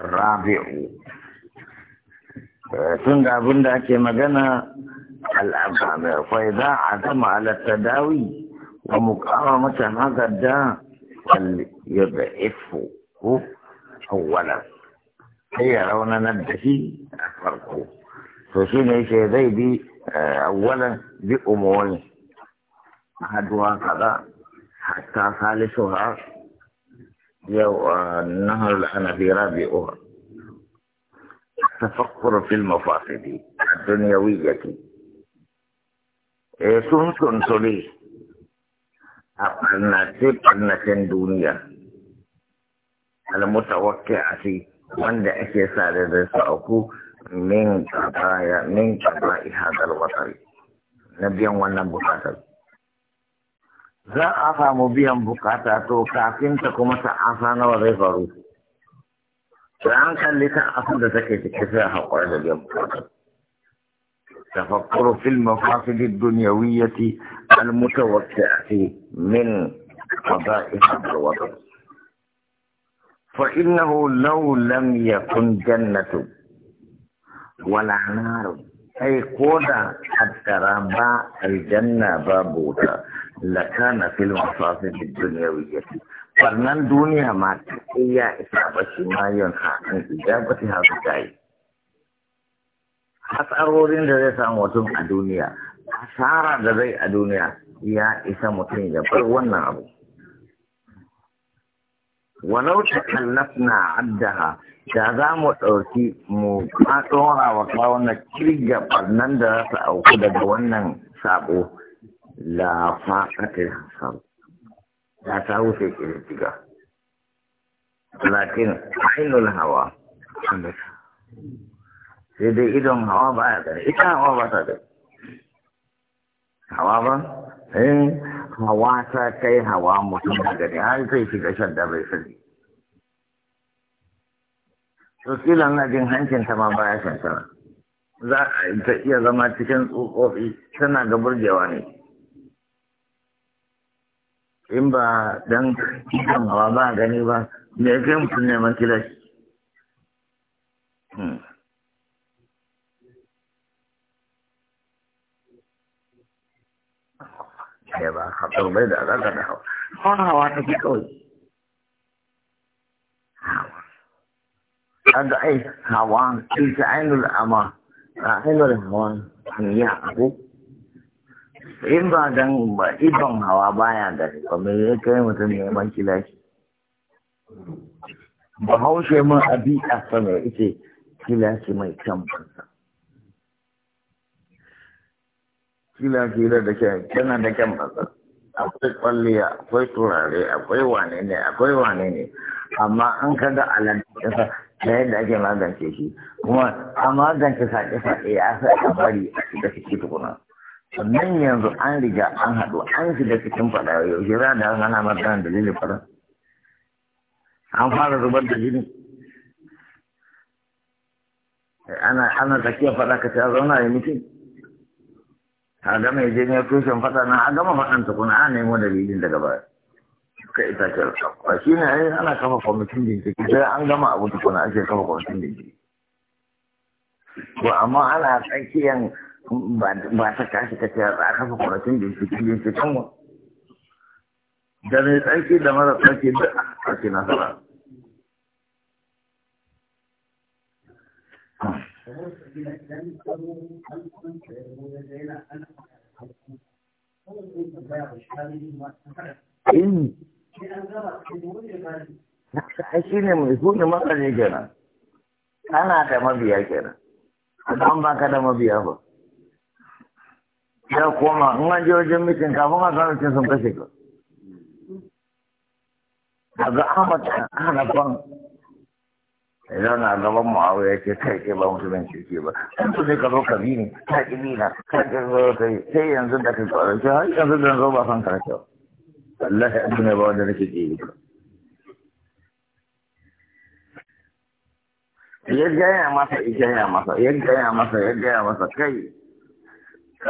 rabi'u tun ga abin da ake magana al'abada kwai za a zama alatta dawi wa mukawa mata magada yadda ifo ko awwalar sai ya raunanar da shi a farko to shi ne shi zai bi awwalar bi umuwani haduwa kaza hatta salisu ha yawa a la'ana bi rabi'uha tafakkur fil mafasidi ad-dunyawiyyati eh sun sun soli akan nasi pernakan dunia al-mutawakki asi wanda ake sa da da sa'aku min min kaba ihadar watari na biyan wannan bukatar ذا أفا مبيهم بقاتا تو كافين تكوما سعفانا وغيغارو فأنا كان لتا أفضل تكيس كفاها قرد بيهم تفكروا في المفاصل الدنيوية المتوقعة من قبائح الوطن فإنه لو لم يكن جنة ولا نار kai ko da haddara ba aljanna ba bota lakana fil masafin dunyawiyyati farnan duniya ma ta iya isa ba shi ma yin hakan ijabati ha su dai hatsarorin da zai samu mutum a duniya asara da zai a duniya ya isa mutum ya bar wannan abu walau na addaha da za mu ɗauki mu ɗora wa kawo na kirga ɓarnan da za su auku daga wannan sabo la faƙatar hasar ya ta wuce kirkiga lakin ainul hawa sai dai idon hawa ba ya gani ita hawa ba ta gani hawa ba in eh, hawa ta kai hawa mutum da gani har sai shiga shan da bai sani to kila na jin hancin ta ma baya shankara za a ta iya zama cikin tsofaffi tana ga burgewa ne in ba dan kitan hawa ba gani ba me ya kai mutum neman kilashi hmm. ba haɗar bai da alaƙa da hawa hawa ta fi kawai kaga ai hawa ita ainul ama ainul hawan ya abu in ba dan ibon hawa baya gari ba me ya kai mutum neman kilashi bahaushe ma abi a sama ita kilashi mai kyan banza kilashi da akwai kwalliya akwai turare akwai wane ne akwai wane ne amma an kaga alantarsa ta yadda ake magance shi kuma a magance sake-sake ya sa a bari a shiga ciki tukuna sannan yanzu an riga an haɗu an shiga cikin faɗa Yau shi za da an ana magana dalilin faɗa an fara zubar da jini eh, ana ana tsakiyar faɗa ka ta zauna ya mutum a gama ya je ne tushen fata na a gama ta tukuna a nemo dalilin daga baya ka ita ce a shi ne ana kafa kwamitin bincike sai an gama abu kuna ake kafa kwamitin bincike to amma ana tsakiyan ba ta kashi kace a kafa kwamitin bincike bincike mu da mai tsaki da mara tsaki duk a cikin nasara wasu gidan tsaro an da yana an shi an ya ne su ne makarai kenan. Kana da mabiya kenan. ba ka da mabiya ba. Ya koma in an je kafin a sanar sun kashe ka. idan na gaban ya ce kai ke ba mutumin kirki ba dan su sai ka zo ka bi ni ta ki bi na ka ki zo ka yi sai yanzu da ka tsoro ce har yanzu da zo ba san karshe ba wallahi an ne ba wanda nake ji ka ya gaya masa ya gaya masa ya gaya masa ya gaya masa kai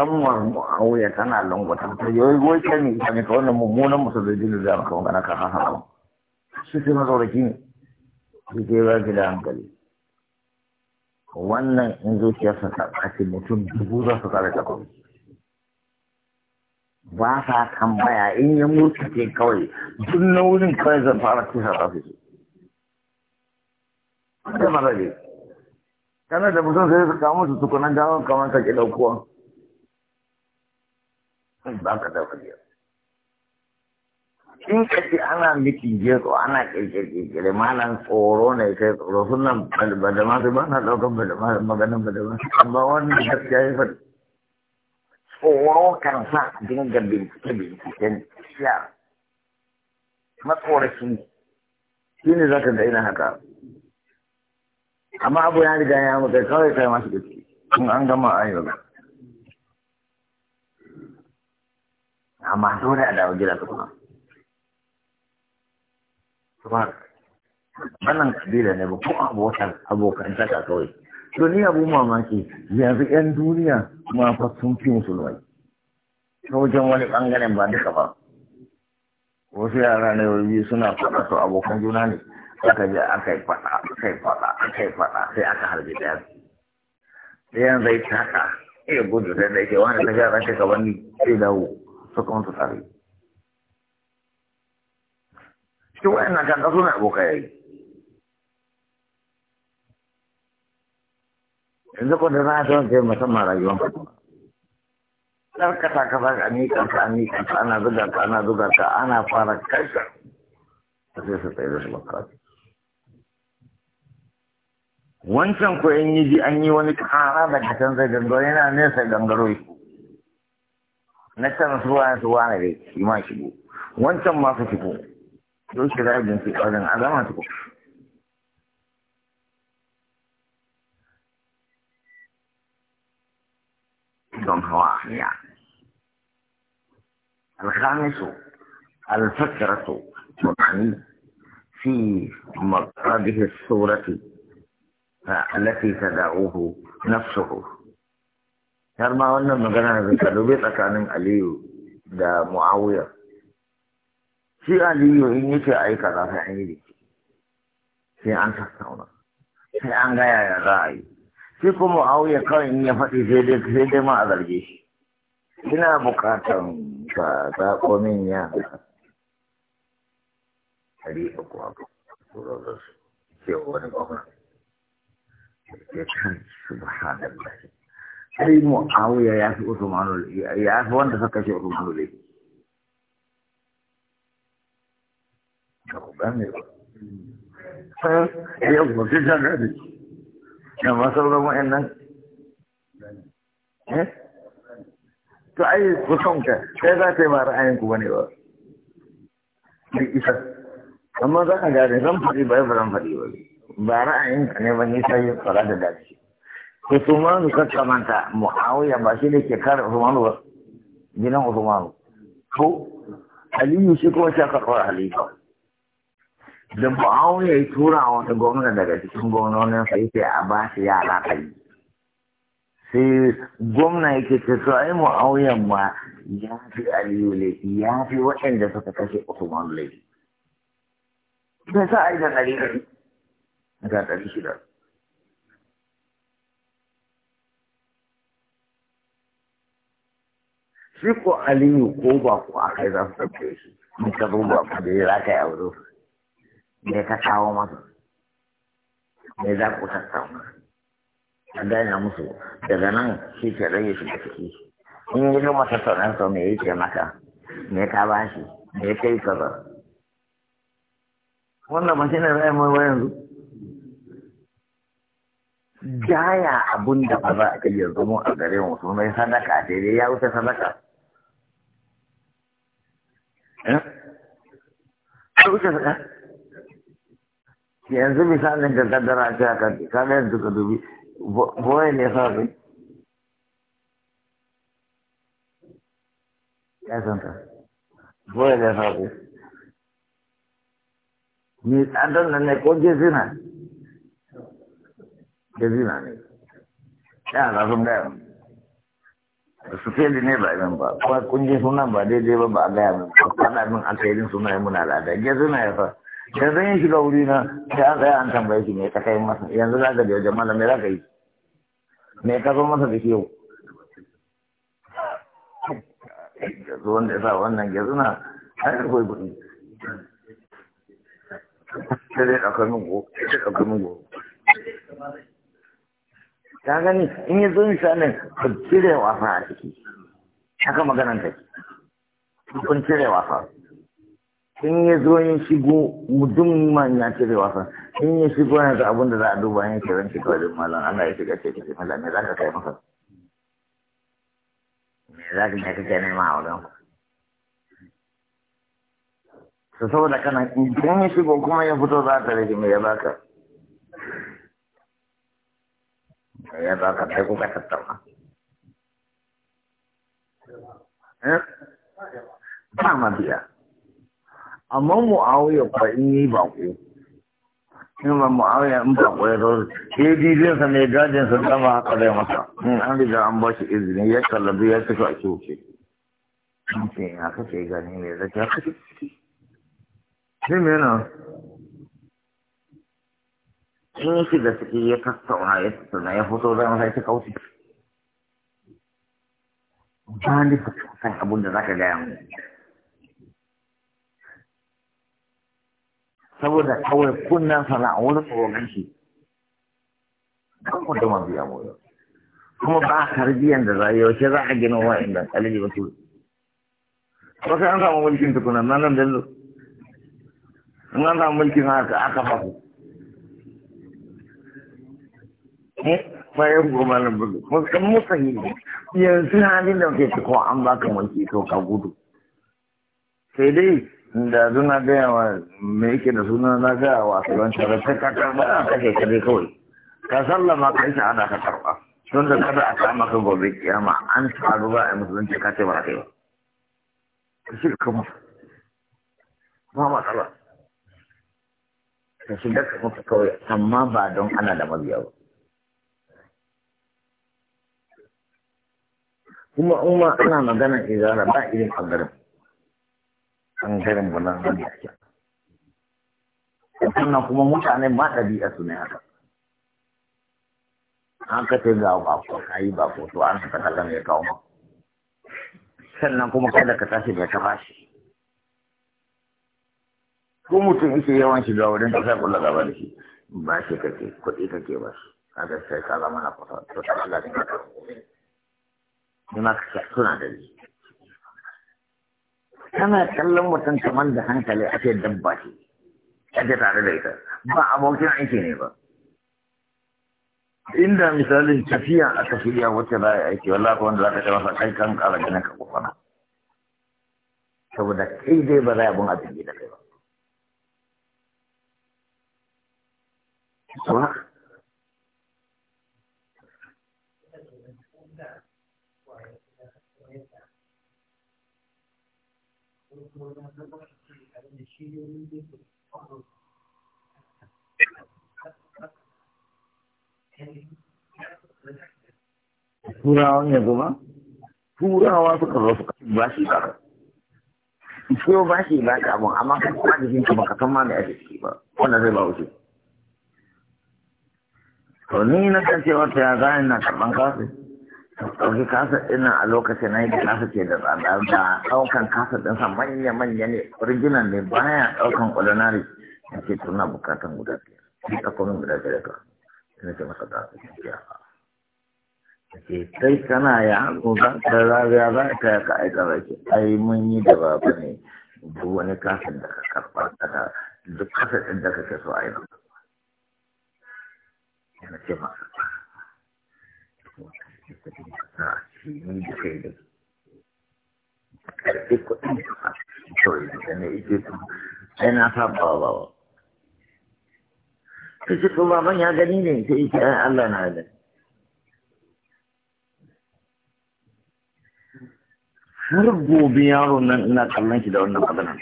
mu'awu ya tana langwata ta yi wai kan ne ka wannan mummunan musulmi da zama kawai kana ka hasa su ce mazauraki ne ke ba ki da hankali wannan in zuciyarsa ta ɓaci mutum dubu za su kare takwas ba sa tambaya in mutu ke kawai duk na wurin kawai zan fara kisa ta fi da mara kana da mutum sai su kawo musu tukunan gawon kamar ka ki ɗaukuwa ba ka daukar yau in ka ce ana miki jero ana kirkirkirkiri malan tsoro ne kai tsoro sunan da masu ba na ɗaukar badama maganin masu amma wani gaskiya ya faɗi tsoro kan sa dinga bincike binciken siya matsorashi shi ne za ka ga ina haka amma abu ya riga ya mutu kawai kai masu gaske in an gama a yau amma dole a dawo gida kuma wannan kabila ne ba ko abokan abokan taka kawai to ni abu mamaki yanzu yan duniya ma fa sun fi musulmai ta wajen wani bangaren ba duka ba wasu yara ne biyu suna faɗa to abokan juna ne aka ji aka yi faɗa aka yi faɗa aka yi faɗa sai aka harbe ɗaya sai yan zai taka iya gudu sai da ke wani ta gyara shi gaban ni sai dawo suka mutu tsare. cikin wayannan kan kaso ne abokai yayi yanzu ko da na san sai musamman rayuwar ka karkata ka ba ka miƙa ka miƙa ka ana zuga ka ana zuga ka ana fara Ta sai su tsaye da su wancan ko in yi ji an yi wani kara daga can zai gangaro yana nesa gangaro na can su wani su wani dai shi ma shigo wancan ma su shigo يوش كده عبد في قادم على ما تقول دون هو أحياء الخامس الفكرة تطعيم في مقابه الصورة التي تدعوه نفسه ترمى أنه مقرنا في قلوبه تكانم أليه دا معاوية shi aliyu in yace a yi kaza sai an yi biki sai an tattauna sai an gaya ya za a yi shi kuma auya kawai in ya faɗi sai dai sai dai ma a zarge shi ina buƙatar ka zaƙo min ya ɗari uku a tura da su ke wani gwamna ya kan ba. sai mu'awiya ya fi usmanul ya fi wanda suka ce usmanul ilmi da ku gane ba yau ba fi jan gane da masauran wa'annan to ai kusan ka sai za ta yi ma ra'ayin ba ne ba mai isa amma za ka gane zan faɗi ba ba zan faɗi ba ba ra'ayin ka ne ba ni yin fara da dace Usmanu ka kamanta Muawiya ba shi ne ke kare Usmanu ba gidan Usmanu ko Aliyu shi kuma shi aka kawar Halifa da ba'awun ya yi tura a wata gwamna daga cikin gwamnonin sai sai a ba shi yara kai sai gwamna yake ce to ai mu'awiyan ma ya fi aliyu laifi ya fi waɗanda suka kashe usman laifi bai sa yi da ɗari ɗari ga ɗari shida shi ko aliyu ko ba ko akai za su ɗauke shi mun ta zo ba ku da ya za ka yi aure me ka kawo masa me za ku tattauna a daina musu daga nan shi ke rage shi da suke in yi ta tattaunan sau me yake maka me ka ba shi me yi kaza wannan ba shi ne zai mai yanzu jaya abun da ba za a kai yanzu mu a gare mu su mai sadaka daidai ya wuce sadaka eh? ya wuce sadaka yanzu misalin ka kaddara ce ka kaga yanzu ka dubi boye ne sa kai ya san ka boye ne sa kai ni tsadon nan ne ko jezina jezina ne ya za sun gaya su feli ne ba idan ba kuma kun je sunan ba daidai ba ba a gaya min ba faɗa min alkhairin sunayen muna al'ada jezina ya fa yanzu yin shiga wuri na sai an tsaya an tambaye shi me ka kai masa yanzu za ka je wajen malam me za ka yi me ka zo masa da yau yanzu wanda ya sa wannan yanzu na har da koi kuɗi sai dai ɗaukar min go sai ɗaukar min go ta gani in yi zo misalin ka cire wasa a ciki haka maganan kai kun cire wasa in ya zo ya shigo mutum man ya ce cire wasa in ya shigo yana da abin da za a duba ya kiran shi kawai malam Allah ya shiga ce ce malam me za ka kai masa me za ka kai kake nema a wurin su saboda kana idan ya shigo kuma ya fito za ta rage me ya baka ya baka kai kuka tattauna eh? ba ma amma mu'awiya fa in yi bako in ba mu'awiya in bako ya zo ke dizin sa ne gajin sa dama haka zai masa in an riga an ba shi izini ya kallabi ya tafi a kyauce in ce ya kace gani ne da ka ce. shi me na in ya da suke ya tattauna ya tattauna ya fito zai masa ya kauce ba ni fa san abun da zaka gaya mu saboda kawai kunnan sana wani tsoron shi kan Kuma da mabiya mu kuma ba tarbiyyar da za yaushe za a gina wa'inda alibi ba su ba sai an samu mulkin tukuna nan nan dallo in an samu mulkin haka aka ba ku eh, bayan goma na bugu musa musa ne yanzu halin da ke ko an baka mulki to ka gudu sai dai da suna gaya wa me yake da suna na gaya wa asiban shara sai ka karba a kashe ka dai kawai ka sallama ka yi shahada ka karba tun da kada a kama ka gobe kiyama an faru ba a musulunci ka ce mara kai ba ka shi ka kama ba matsala ka shi ka kuma kawai amma ba don ana da mabiya ba kuma umma ana magana izara ba irin ɓangaren ɓangaren bulan zan da ake sannan kuma mutane ma ɗabi'a su ne haka an ka ce ga bako ka yi bako to an ka kaga mai kawo ma sannan kuma kada ka tashi bai ta bashi ko mutum yake yawan shiga wurin ka sai kula gaba da shi ba shi kake kuɗi kake ba shi kaga sai ka zama na fasa to ta ga ne ka kawo suna da shi kana kallon mutum kamar da hankali a ce dabba ce ake tare da ita ba abokin aiki ne ba inda misalin tafiya a tafiya wacce za a yi aiki ko wanda za ka kama masa kai kan kara ganin ka kofana saboda kai dai ba za a bin abin da kai ba turawan yanzu ma turawa suka zo suka ba shi ba ko ba shi ba ka abun amma ka kuma jikin ka baka san ma da ake ciki ba wannan zai ba wuce to ni na kan cewa ta ya zai na karban kafin ɗauki kasa ina a lokacin na yadda kasa ce da tsada da ɗaukan kasa ɗinsa manya-manya ne original ne baya ɗaukan ordinary na ce tuna bukatan guda biyar sai ɗauko min guda biyar ka ina ce masa da su ke yawa na ce kai kana ya ko za ka rariya za ka ya ka aika rake ai mun yi da ba ne duk wani kasa da ka karɓa daga duk kasa ɗin da ka ke so a yi na ce masa a shi ne a kawai da na sai na bawa ta ce ko baban ya gani ne sai ike ai Allah na gani har gobe yaro nan ina kallon shi da wannan magana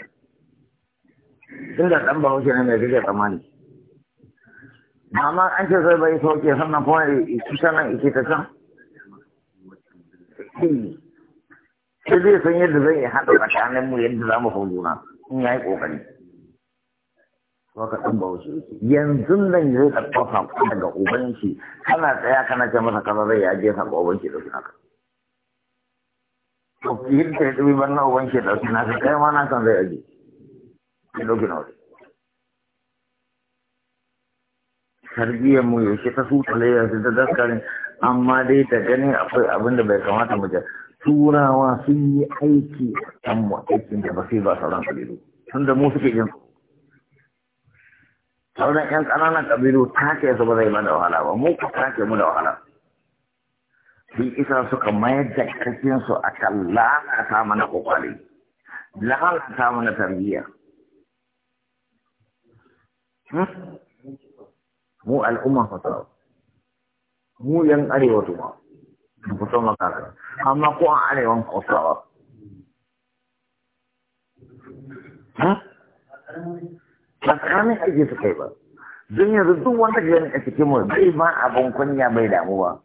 tun da ɗan bahaushe ne mai gajar tsamani amma an ce sai bai sauke sannan kuma ita sanan ita ta can sai sai zai san yadda zan yi haɗa tsakanin mu yadda za mu hau juna in ya yi ƙoƙari waka ɗan bauchi yanzu nan zai ɗauko saƙo daga ubanki kana tsaya kana ce masa kaza zai ya je saƙo ubanki da sunaka to yadda ya ɗubi ban na ubanki da sunaka kai ma na san zai aje ya ɗauki na wasu tarbiyyar mu yaushe ta su tale yanzu da daskarin amma dai ta gani akwai abin da bai kamata mu turawa sun yi aiki kan mu aikin da ba sai ba sauran kabilu sun da mu suke yin sauran yan ƙananan kabilu take su ba zai mana wahala ba mu ku ke mu da wahala bi isa suka mayar da su a kan lalata mana kwakwale lalata mana tarbiyya hmm? mu al'umma fasawa mu yan arewa tuma ba san makaka amma ko a arewan kosawa ha ba kame aiki su kai ba don yanzu duk wanda ke a cikin mu bai ma abin kunya bai damu ba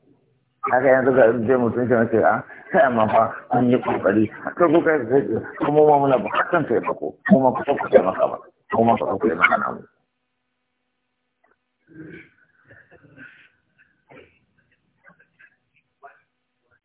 haka yanzu ga zai mutum shi mace a ah, sai amma fa an yi kokari haka ko kai sai kuma ma muna bukatan sai ba ko kuma ku ku sai maka ba kuma ku ku sai maka na mu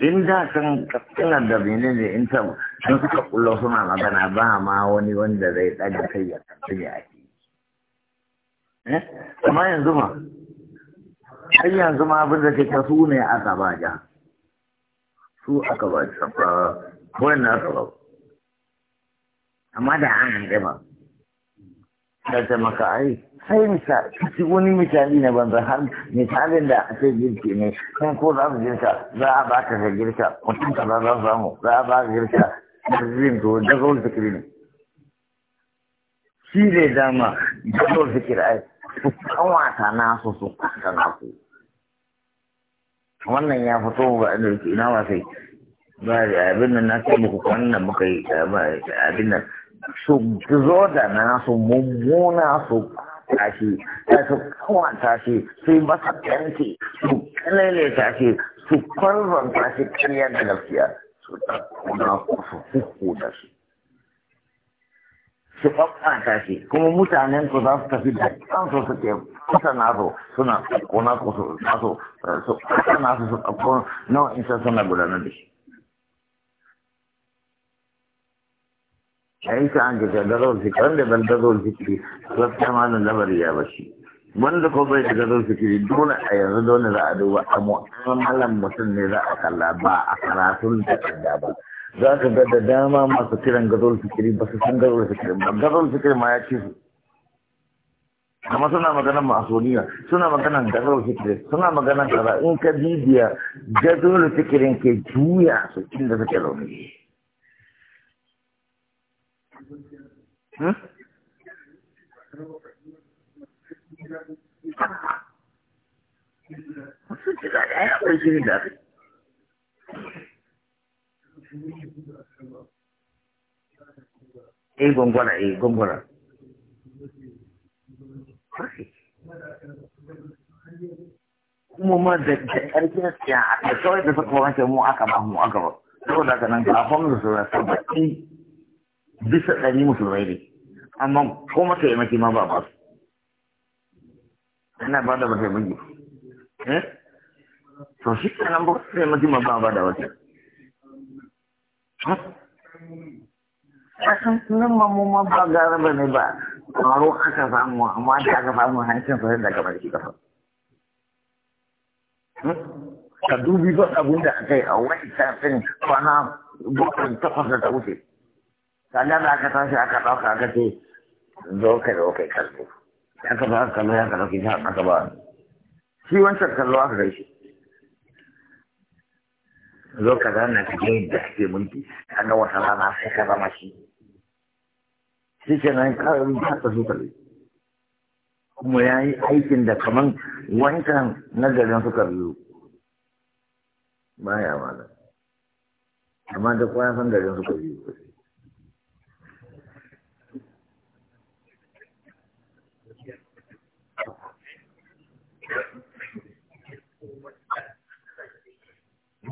in da kan kaskinar da benin ne in ta sun suka kullo suna magana ba ma wani wanda zai ɗaga kai ya kasu a ake amma yanzu ma har yanzu ma abin da kake su ne a gabaja su su aka ba wani wannan aka amma da an hanɗe ba ta maka ai sai misa ci wani misali na banza har misalin da a ce girki ne kan ko za su girka za a baka ka girka mutum ka za su samu za a baka girka zirin to daga wani fikiri ne shi ne dama daga wani fikiri ai su kawata na su su kwanta na ku wannan ya fito ba ina wasai ba abin nan na sai muku wannan muka yi abin nan su zo da nasu mummuna su tashi ta su kawanta shi su yi masa fenti su kalele tashi su kwanzon tashi karya da gaskiya su ɗaukuna su hukku da shi su ɓaɓɓata shi kuma mutanen ku za su tafi da kansu suke kusa nasu suna ɗaukuna su nasu su kusa nasu su ɗaukuna nau'in sai suna gudanar da shi ai ka an ga gadon zikiri wanda ban gadon zikiri lafiya ma nan lamar ya ba shi wanda ko bai da gadon zikiri dole a yanzu dole za a duba a mu'amalan mutum ne za a kalla ba a karatun da takarda ba za ka ga da dama masu kiran gadon zikiri ba su san gadon zikiri ba gadon zikiri ma ya ce su kama suna maganar masoniya suna maganar gazar fikiri suna maganar kaza in ka bibiya gazar fikirin ke juya su inda suke rauni Eh gongora, eh gongora. Mu ma da ƙarfin siya a kawai da suka wanke mu aka ba mu aka ba. Saboda haka nan kafin su da sabbatin bisa ɗari musulmai ne amma ko mataimaki ma ba ba su ana ba da mataimaki eh to shi kenan ba mataimaki ma ba ba da wata a san nan ma mu ma ba gara ba ne ba taro aka samu amma da aka samu hancin sa da kamar shi kafa hmm? ka dubi ba abin da aka yi a wani tafin kwana bakwai takwas da ta wuce sannan da aka tashi aka ɗauka aka ce zo ka da kai kallo ka ba kallo ya ka ɗauki ta aka ba shi wancan kallo aka kai shi zo ka zana ka je da kake mulki ga wata rana sai ka zama shi shi ke nan karin ta ta su ne kuma ya yi aikin da kaman wancan na garin suka biyu Ba ma da amma da kwanan garin suka biyu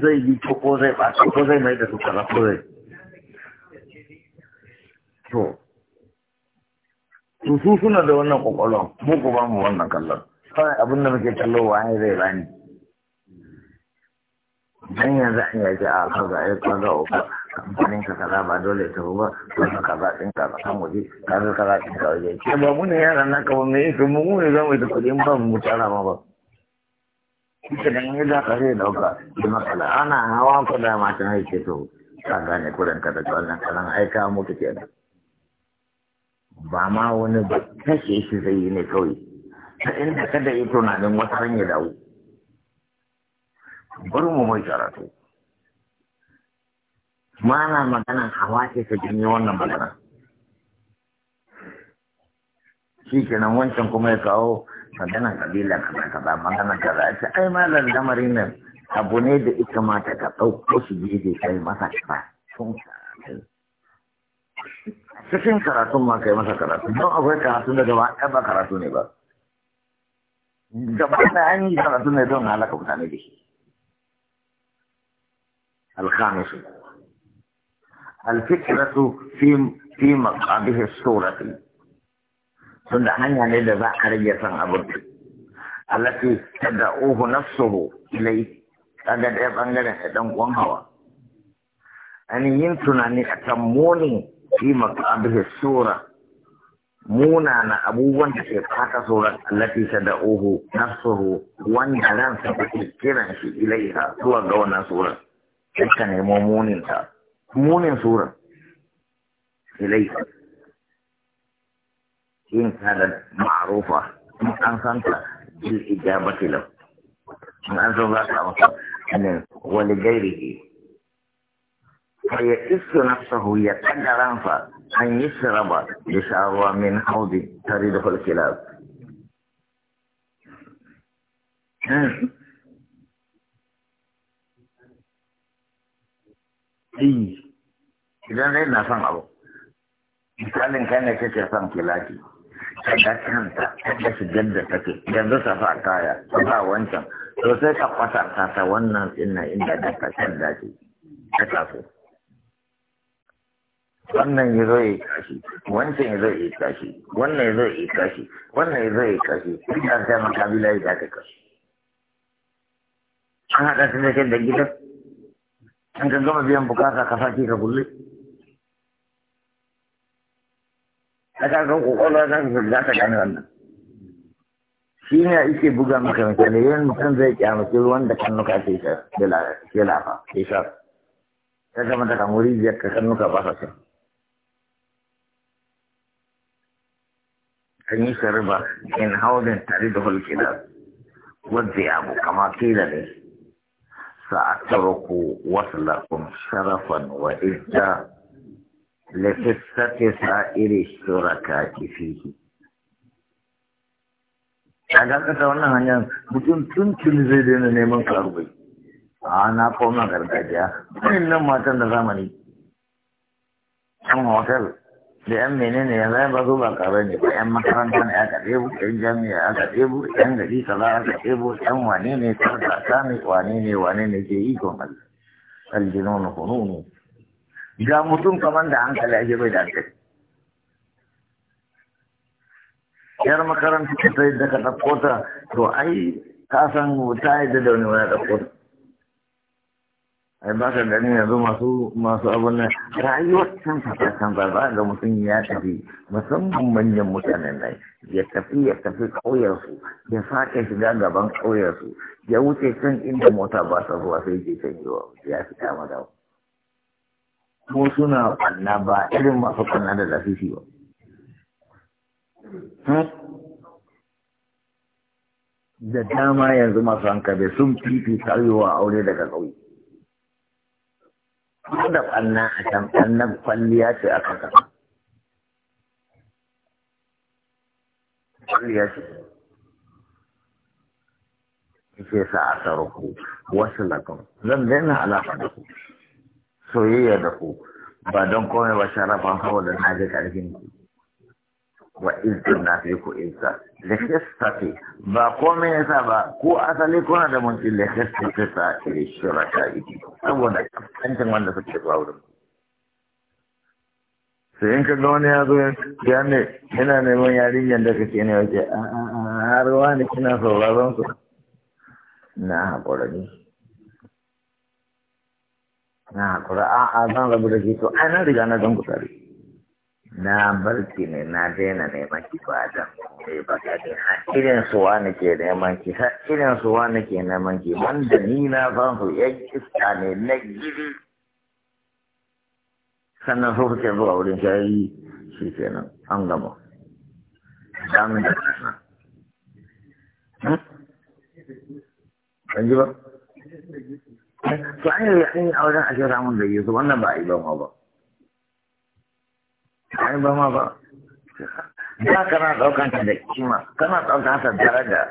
zai bi ko zai ɓaci ko zai mai da su kaza ko zai to su suna da wannan kwakwalon mu ku ba mu wannan kallon kawai abin da muke kallo ya zai bani dan yanzu an yaji a kan ga ya kwanga uku kamfanin ka kaza ba dole ta ba ka kaza ɗin ka ba kan waje kaza kaza ɗin ka waje ke ba mu ne yaran naka ba me yake mu ne za mu yi da kuɗi ba mu tara ba ba Kika dan yi da ka zai dauka da matsala ana hawa ko da matan haike to ka gane kuren ka da wannan kalan aika mutu ke Ba ma wani ba kashe shi zai yi ne kawai. Ta inda kada yi tunanin wata hanya dawo. Bari mu mai karatu. Mana magana hawa ce ta janyo wannan magana. Shi kenan wancan kuma ya kawo maganan kabila kaza kaza maganan kaza a ce ai malam lamarin nan abu ne da ita mata ka ɗauko su je kai masa kaza sun kai cikin karatun ma kai masa karatu don akwai karatun da gaba ɗaya ba karatu ne ba gaba ɗaya an yi karatu ne don halaka mutane da shi الخامس الفكرة في في مقابه الصورة da hanya ne da za a rage san abin allati uhu nafsuhu ilai kaga da bangaren da dan uwan hawa an yin tunani a kan munin fi maqabihi sura muna na abubuwan da ke fata sura allati uhu nafsuhu wanda sa take kiran shi ilaiha zuwa ga wannan sura kanka ka nemo munin ta munin sura ilaiha إن كانت معروفة أنصنت بالإجابة له من أنصنت أن ولغيره فيئس نفسه يقدر أنفا أن يشرب لشاروا من حوض تريده الكلاب إذا لنا صنعه misalin kai ne kake son kilaki ta ga kanta ta ga shigar da take yanzu ta sa kaya ta sa wancan to sai ka kwata ta ta wannan tsinna inda da ta shan dace ta taso wannan ya zo ya kashi wancan ya zo ya kashi wannan ya zo ya kashi wannan ya zo ya kashi ina ta makabila ya ta kashi an haɗa ta da gidan an ka gama biyan bukata ka sake ka kulle a kakan kokolwa kan za ta gane wannan shi ne ake buga maka misali yin mutum zai kyamaci ruwan da kannuka ke ke lafa ke sha ta gama ta kamu rijiyar ka kannuka ba sa shan an yi shariba in haudin tare da hulkina wadda ya abu kama kila ne sa'ataruku wasu lakun sharafan wa لستة سائر الشركاء فيه kaga ka ta wannan hanyar mutum tun tun zai daina neman karbai a na koma gargajiya kuma nan matan da zamani yan hotel da yan menene ya zai ba zo ba karbai ne ba yan makaranta ya aka bu yan jami'a aka bu yan gari ya aka bu yan wane ne karkata ne wane ne wane ne ke ikon aljinonu hununu ga mutum kamar da hankali ake bai da yar makaranta ta sai da ka ta to ai ka san ta yi da wani wani ɗauko ai ba ka gani yanzu masu masu abun nan rayuwar can ta can ba ga mutum ya tafi musamman manyan mutanen nan ya tafi ya tafi ƙauyarsu. ya sake shiga gaban ƙauyarsu. ya wuce can inda mota ba ta zuwa sai ke can ya fi ko suna kwanna ba irin masu kwanna da lafifi ba hmm? da dama yanzu masu hankali sun fifi tsarewa aure daga ƙauye ko da kwanna a can kwannan kwalliya ce aka kasa kwalliya ce Ike sa a tsaro ku wasu lakon zan daina alaƙa da ku soyayya da ku ba don komai ba sharafa da na ji karfin ku wa izin na fi ku isa lekestati ba komai ya sa ba ko asali kuna da munci lekestati ta iri shirata iti saboda kancin wanda suke zuwa wurin sai in kaga wani ya zo ya ne yana neman yarinyar da kake ne wace har wani kina sauraron su na haƙura ne na haƙura 'A'a zan rabu da ke to ai na riga na zan kusari na barci na daina neman ki ba dan ne ba ka ne ke neman ki ke neman ki wanda ni na san su iska ne na gidi sannan so kuke zuwa wurin shayi an gama to ai yi yi auren a shirya mun da yi su wannan ba a yi ba ma ba a yi ba ma ba da kana ɗaukan ta da kima kana ɗaukan ta daraja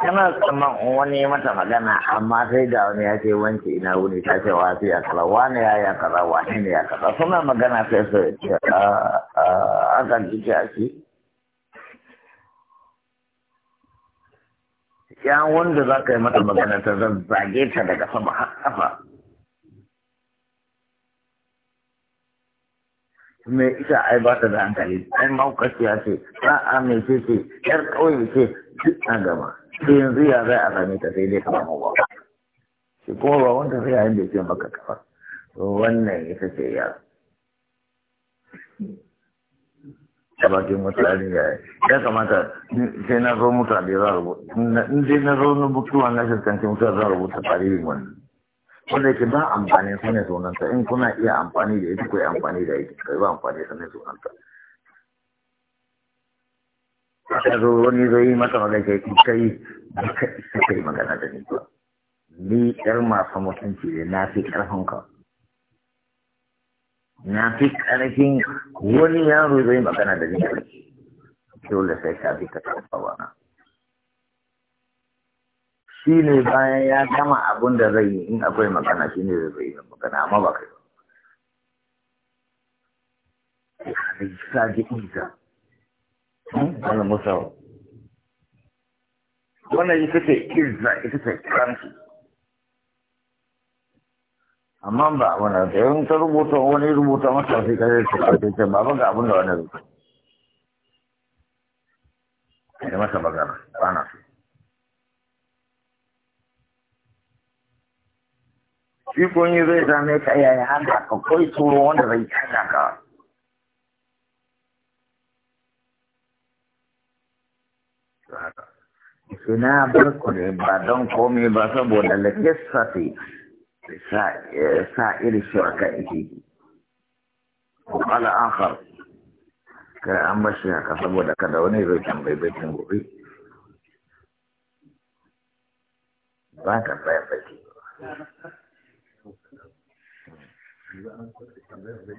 kana tsamman wani mata magana amma sai da wani ya ce wanke ina wuni ta ce wasu ya kara wani ya ya kara wani ne ya kara suna magana sai su ce ah, ah, a kan ji a shi ya wanda za ka yi mata magana ta zazzage ta daga sama har kafa me ita ai ba ta da hankali ai siya ce a'a mai ce ce yar ƙauye ce duk a gama sai yanzu ya zai a same ta sai dai ka zama ba shi kuma ba wanda sai yayin da ya ce maka kafa wannan ita ce yaro a bakin mutane ya ya kamata sai na zo mutane za a rubuta in dai na zo na bukuwa na shirkanci mutane za a rubuta tarihin wannan wanda yake ba amfani su ne sunanta in kuna iya amfani da ita ku yi amfani da ita kai ba amfani su ne sunanta ta zo wani zo yi mata magana kai, kai baka isa kai magana da ni ba ni yar masu mutunci ne na fi karfin ka na fi ƙarfin wani yaro zai magana da ni dole sai ka fi ka taɓa wana shi ne bayan ya gama abin da zai yi in akwai magana shi ne zai yi magana amma ba kai ba sa ji isa hmm? wani wannan ita ce izza ita ce karanci amma ba a wani da yawan ta rubuta wani rubuta masa sai kare ta kare ta ba ga abin da wani rubuta kai masa magana ba na so shi kunyi zai same ka yayin haka ka koi turo wanda zai kada ka Suna barku ne ba don komi ba saboda lakista ce sa eh, iri su a kan ike ƙwala an har kai an bashi haka saboda kada wani rikin baibaitin gobe ba ka tsaye baiki